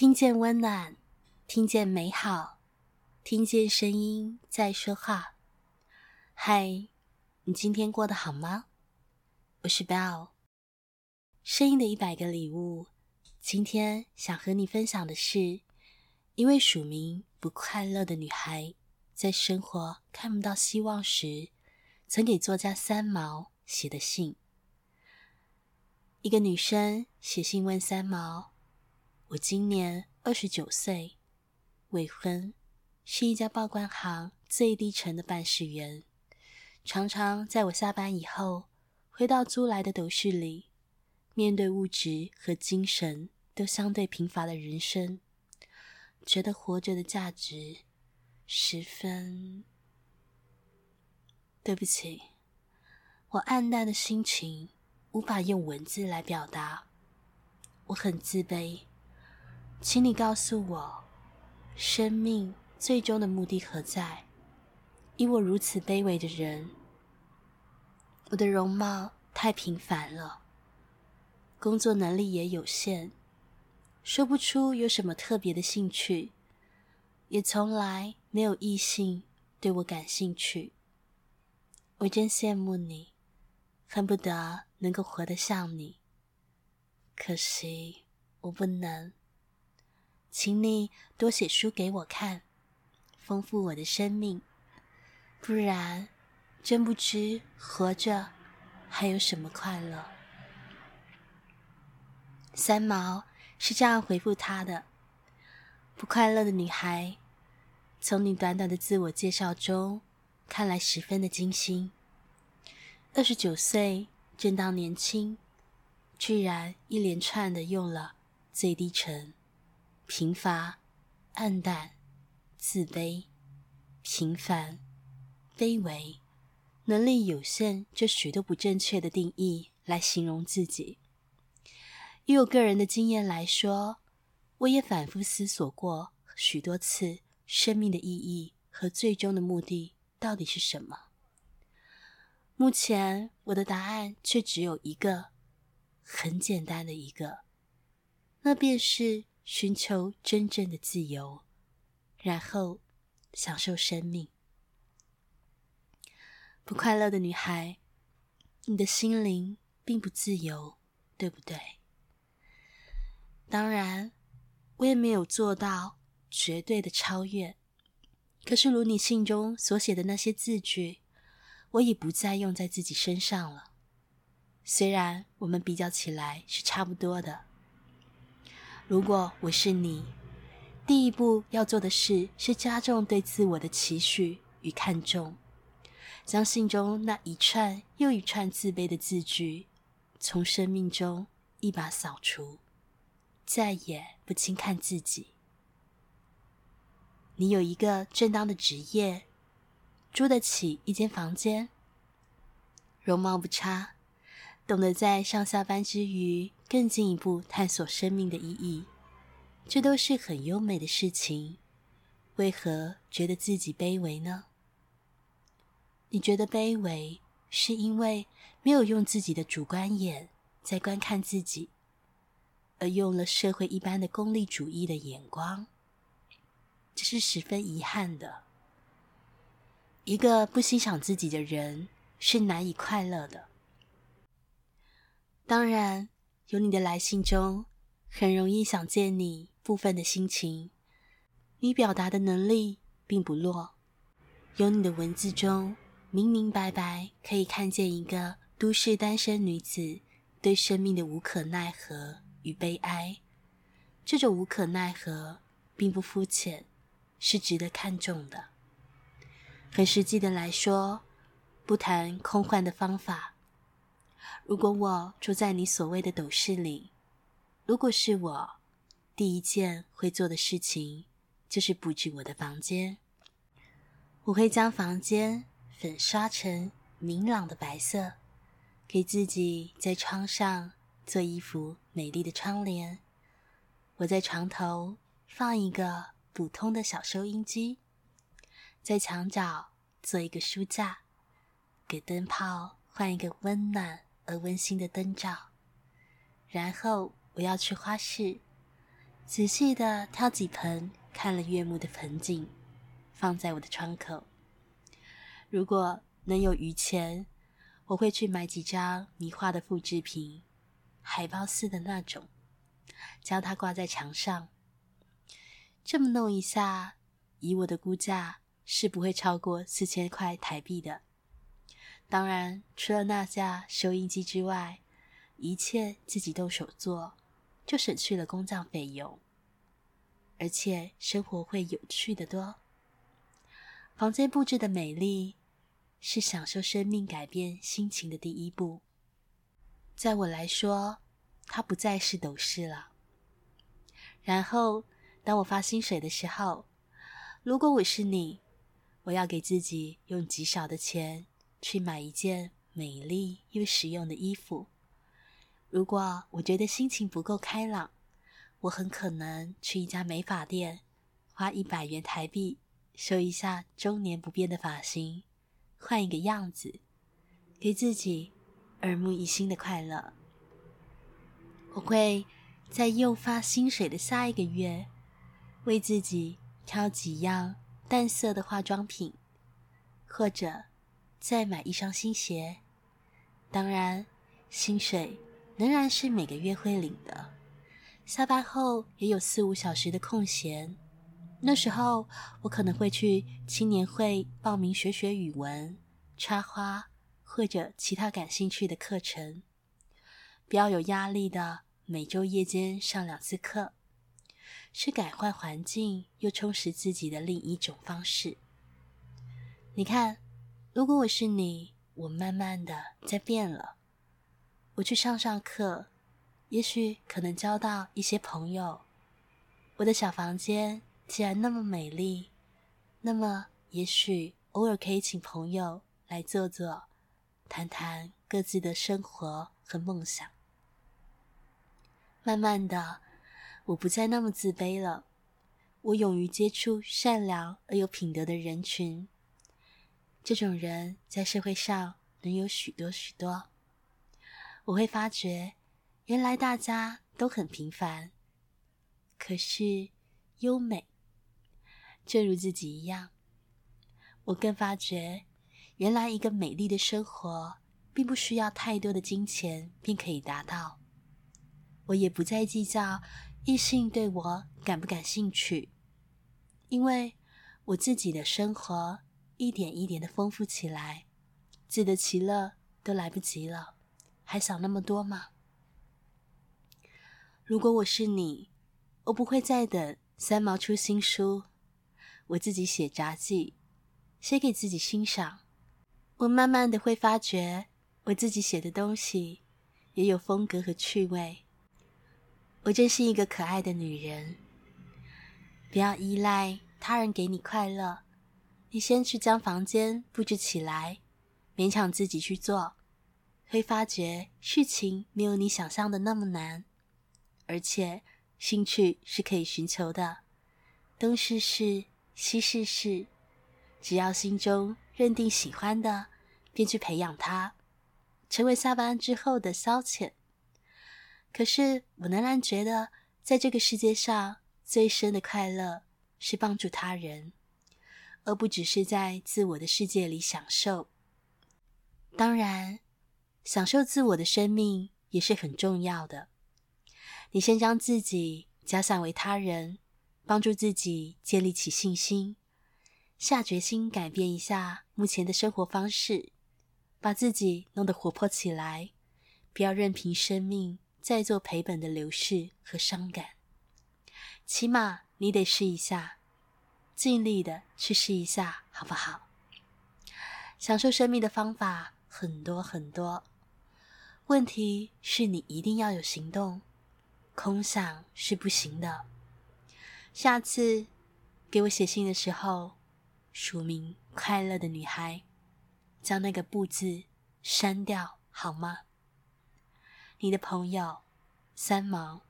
聽見溫暖，聽見美好，聽見聲音在說話。嗨，你今天過得好嗎？我是 Belle。聲音的一百個禮物，今天想和你分享的是，一位署名不快樂的女孩，在生活看不到希望時，曾給作家三毛寫的信。一個女生寫信問三毛。我今年二十九歲，未婚，是一家報關行最低層的辦事員。常常在我下班以後，回到租來的斗室裡，面對物質和精神都相對貧乏的人生，覺得活着的價值十分。對不起，我黯淡的心情無法用文字來表達，我很自卑。請你告訴我，生命最終的目的何在？以我如此卑微的人，我的容貌太平凡了，工作能力也有限，說不出有什麼特別的興趣，也從來沒有異性對我感興趣。我真羨慕你，恨不得能夠活得像你，可惜我不能。請你多寫書給我看，豐富我的生命。不然，真不知活着還有什麼快樂。三毛是這樣回復他的：“不快樂的女孩，從你短短的自我介紹中，看來十分的驚心。二十九歲，正當年輕，居然一連串的用了最低沉。”貧乏、黯淡、自卑、平凡、卑微、能力有限，這許多不正確的定義來形容自己。以我個人的經驗來說，我也反復思索過許多次，生命的意義和最終的目的到底是什麼？目前我的答案卻只有一個，很簡單的一個，那便是。尋求真正的自由，然後享受生命。不快樂的女孩，你的心靈並不自由，對不對？當然，我也沒有做到絕對的超越。可是如你信中所寫的那些字句，我已不再用在自己身上了。雖然我們比較起來是差不多的。如果我是你，第一步要做的事是，是加重對自我的期許與看重，將信中那一串又一串自卑的字句從生命中一把掃除，再也不輕看自己。你有一個正當的職業，租得起一間房間，容貌不差，懂得在上下班之餘，更進一步探索生命的意義，這都是很優美的事情。為何覺得自己卑微呢？你覺得卑微是因為沒有用自己的主觀眼在觀看自己，而用了社會一般的功利主義的眼光。這是十分遺憾的。一個不欣賞自己的人是難以快樂的。當然，有你的來信中，很容易想見你部分的心情。你表達的能力並不弱。有你的文字中，明明白白可以看見一個都市單身女子對生命的無可奈何與悲哀。這種無可奈何並不膚淺，是值得看重的。很實際的來說，不談空幻的方法。如果我住在你所謂的斗室裡，如果是我，第一件會做的事情就是布置我的房間。我會將房間粉刷成明朗的白色，給自己在窗上做一幅美麗的窗簾。我在床頭放一個普通的小收音機，在牆角做一個書架，給燈泡換一個溫暖。和溫馨的燈罩，然後我要去花市，仔細的挑幾盆看了悅目的盆景，放在我的窗口。如果能有餘錢，我會去買幾張泥畫的複製品，海報似的那種，將它掛在牆上。這麼弄一下，以我的估價是不會超過四千塊台幣的。當然，除了那架收音機之外，一切自己動手做，就省去了工匠費用，而且生活會有趣得多。房間布置的美麗，是享受生命改變心情的第一步。在我來說，它不再是斗室了。然後，當我發薪水的時候，如果我是你，我要給自己用極少的錢。去買一件美麗又實用的衣服。如果我覺得心情不夠開朗，我很可能去一家美髮店，花一百元台幣，修一下中年不變的髮型，換一個樣子，給自己耳目一新的快樂。我會在又發薪水的下一個月，為自己挑幾樣淡色的化妝品，或者。再買一雙新鞋，當然，薪水仍然是每個月會領的。下班後也有四五小時的空閒，那時候我可能會去青年會報名學學語文、插花或者其他感興趣的課程。不要有壓力的，每週夜間上兩次課，是改換環境又充實自己的另一種方式。你看。如果我是你，我慢慢的在變了。我去上上課，也許可能交到一些朋友。我的小房間既然那麼美麗，那麼也許偶爾可以請朋友來坐坐，談談各自的生活和夢想。慢慢的，我不再那麼自卑了。我勇於接觸善良而有品德的人群。這種人在社會上能有許多許多。我會發覺，原來大家都很平凡，可是優美，正如自己一樣。我更發覺，原來一個美麗的生活，並不需要太多的金錢便可以達到。我也不再計較異性對我感不感興趣，因為我自己的生活。一點一點的豐富起來，自得其樂都來不及了，還想那麼多嗎？如果我是你，我不會再等三毛出新書，我自己寫雜記，寫給自己欣賞。我慢慢的會發覺，我自己寫的東西也有風格和趣味。我真是一個可愛的女人，不要依賴他人給你快樂。你先去將房間佈置起來，勉強自己去做，會發覺事情沒有你想象的那麼難，而且興趣是可以尋求的。東試試，西試試，只要心中認定喜歡的，便去培養它，成為下班之後的消遣。可是我仍然覺得，在這個世界上，最深的快樂是幫助他人。而不只是在自我的世界裡享受。當然，享受自我的生命也是很重要的。你先將自己假想為他人，幫助自己建立起信心，下決心改變一下目前的生活方式，把自己弄得活潑起來，不要任憑生命再做賠本的流逝和傷感。起碼你得試一下。盡力的去試一下，好不好？享受生命的方法很多很多，問題是你一定要有行動，空想是不行的。下次給我寫信的時候，署名“快樂的女孩”，將那個“不”字刪掉，好嗎？你的朋友三毛，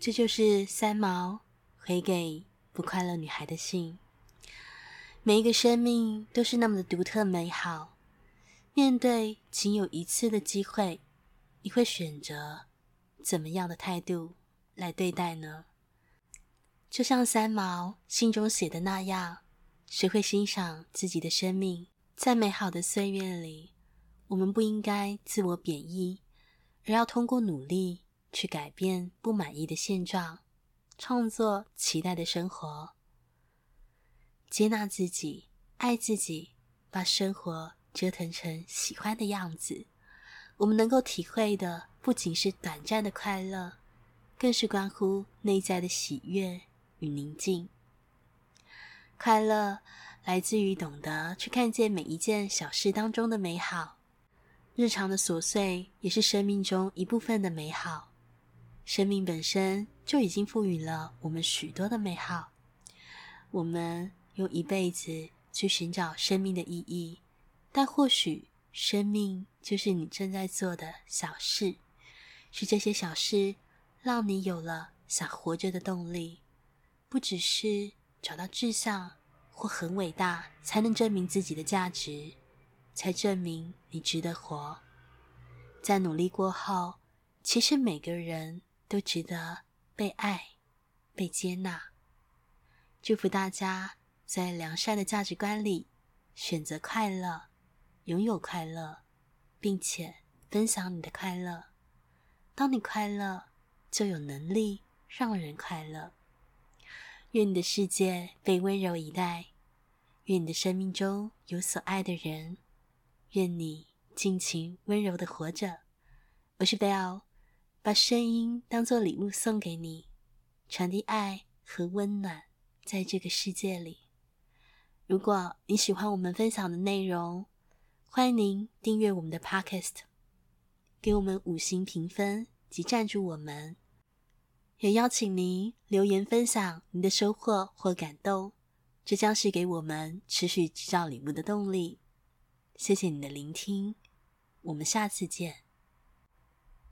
這就是三毛回給不快樂女孩的信。每一個生命都是那麼的獨特美好。面對僅有一次的機會，你會選擇怎麼樣的態度來對待呢？就像三毛信中寫的那樣，學會欣賞自己的生命，在美好的歲月裡，我們不應該自我貶抑，而要通過努力去改變不滿意的現狀。創作期待的生活，接納自己，愛自己，把生活折騰成喜歡的樣子。我們能夠體會的不僅是短暫的快樂，更是關乎內在的喜悅與寧靜。快樂來自於懂得去看見每一件小事當中的美好，日常的瑣碎也是生命中一部分的美好。生命本身，就已經賦予了我們許多的美好。我們用一輩子去尋找生命的意義，但或許生命就是你正在做的小事，是這些小事讓你有了想活着的動力。不只是找到志向或很偉大才能證明自己的價值，才證明你值得活。在努力過後，其實每個人都值得，被愛，被接納，祝福大家在良善的價值觀裡選擇快樂，擁有快樂，並且分享你的快樂。當你快樂，就有能力讓人快樂。願你的世界被溫柔以待，願你的生命中有所愛的人，願你盡情溫柔地活着。我是 Belle。把聲音當做禮物送給你，傳遞愛和溫暖在這個世界裡。如果你喜歡我們分享的內容，歡迎您訂閱我們的 Podcast，給我們五星評分及贊助我們，也邀請您留言分享您的收穫或感動，這將是給我們持續製造禮物的動力。謝謝你的聆聽，我們下次見。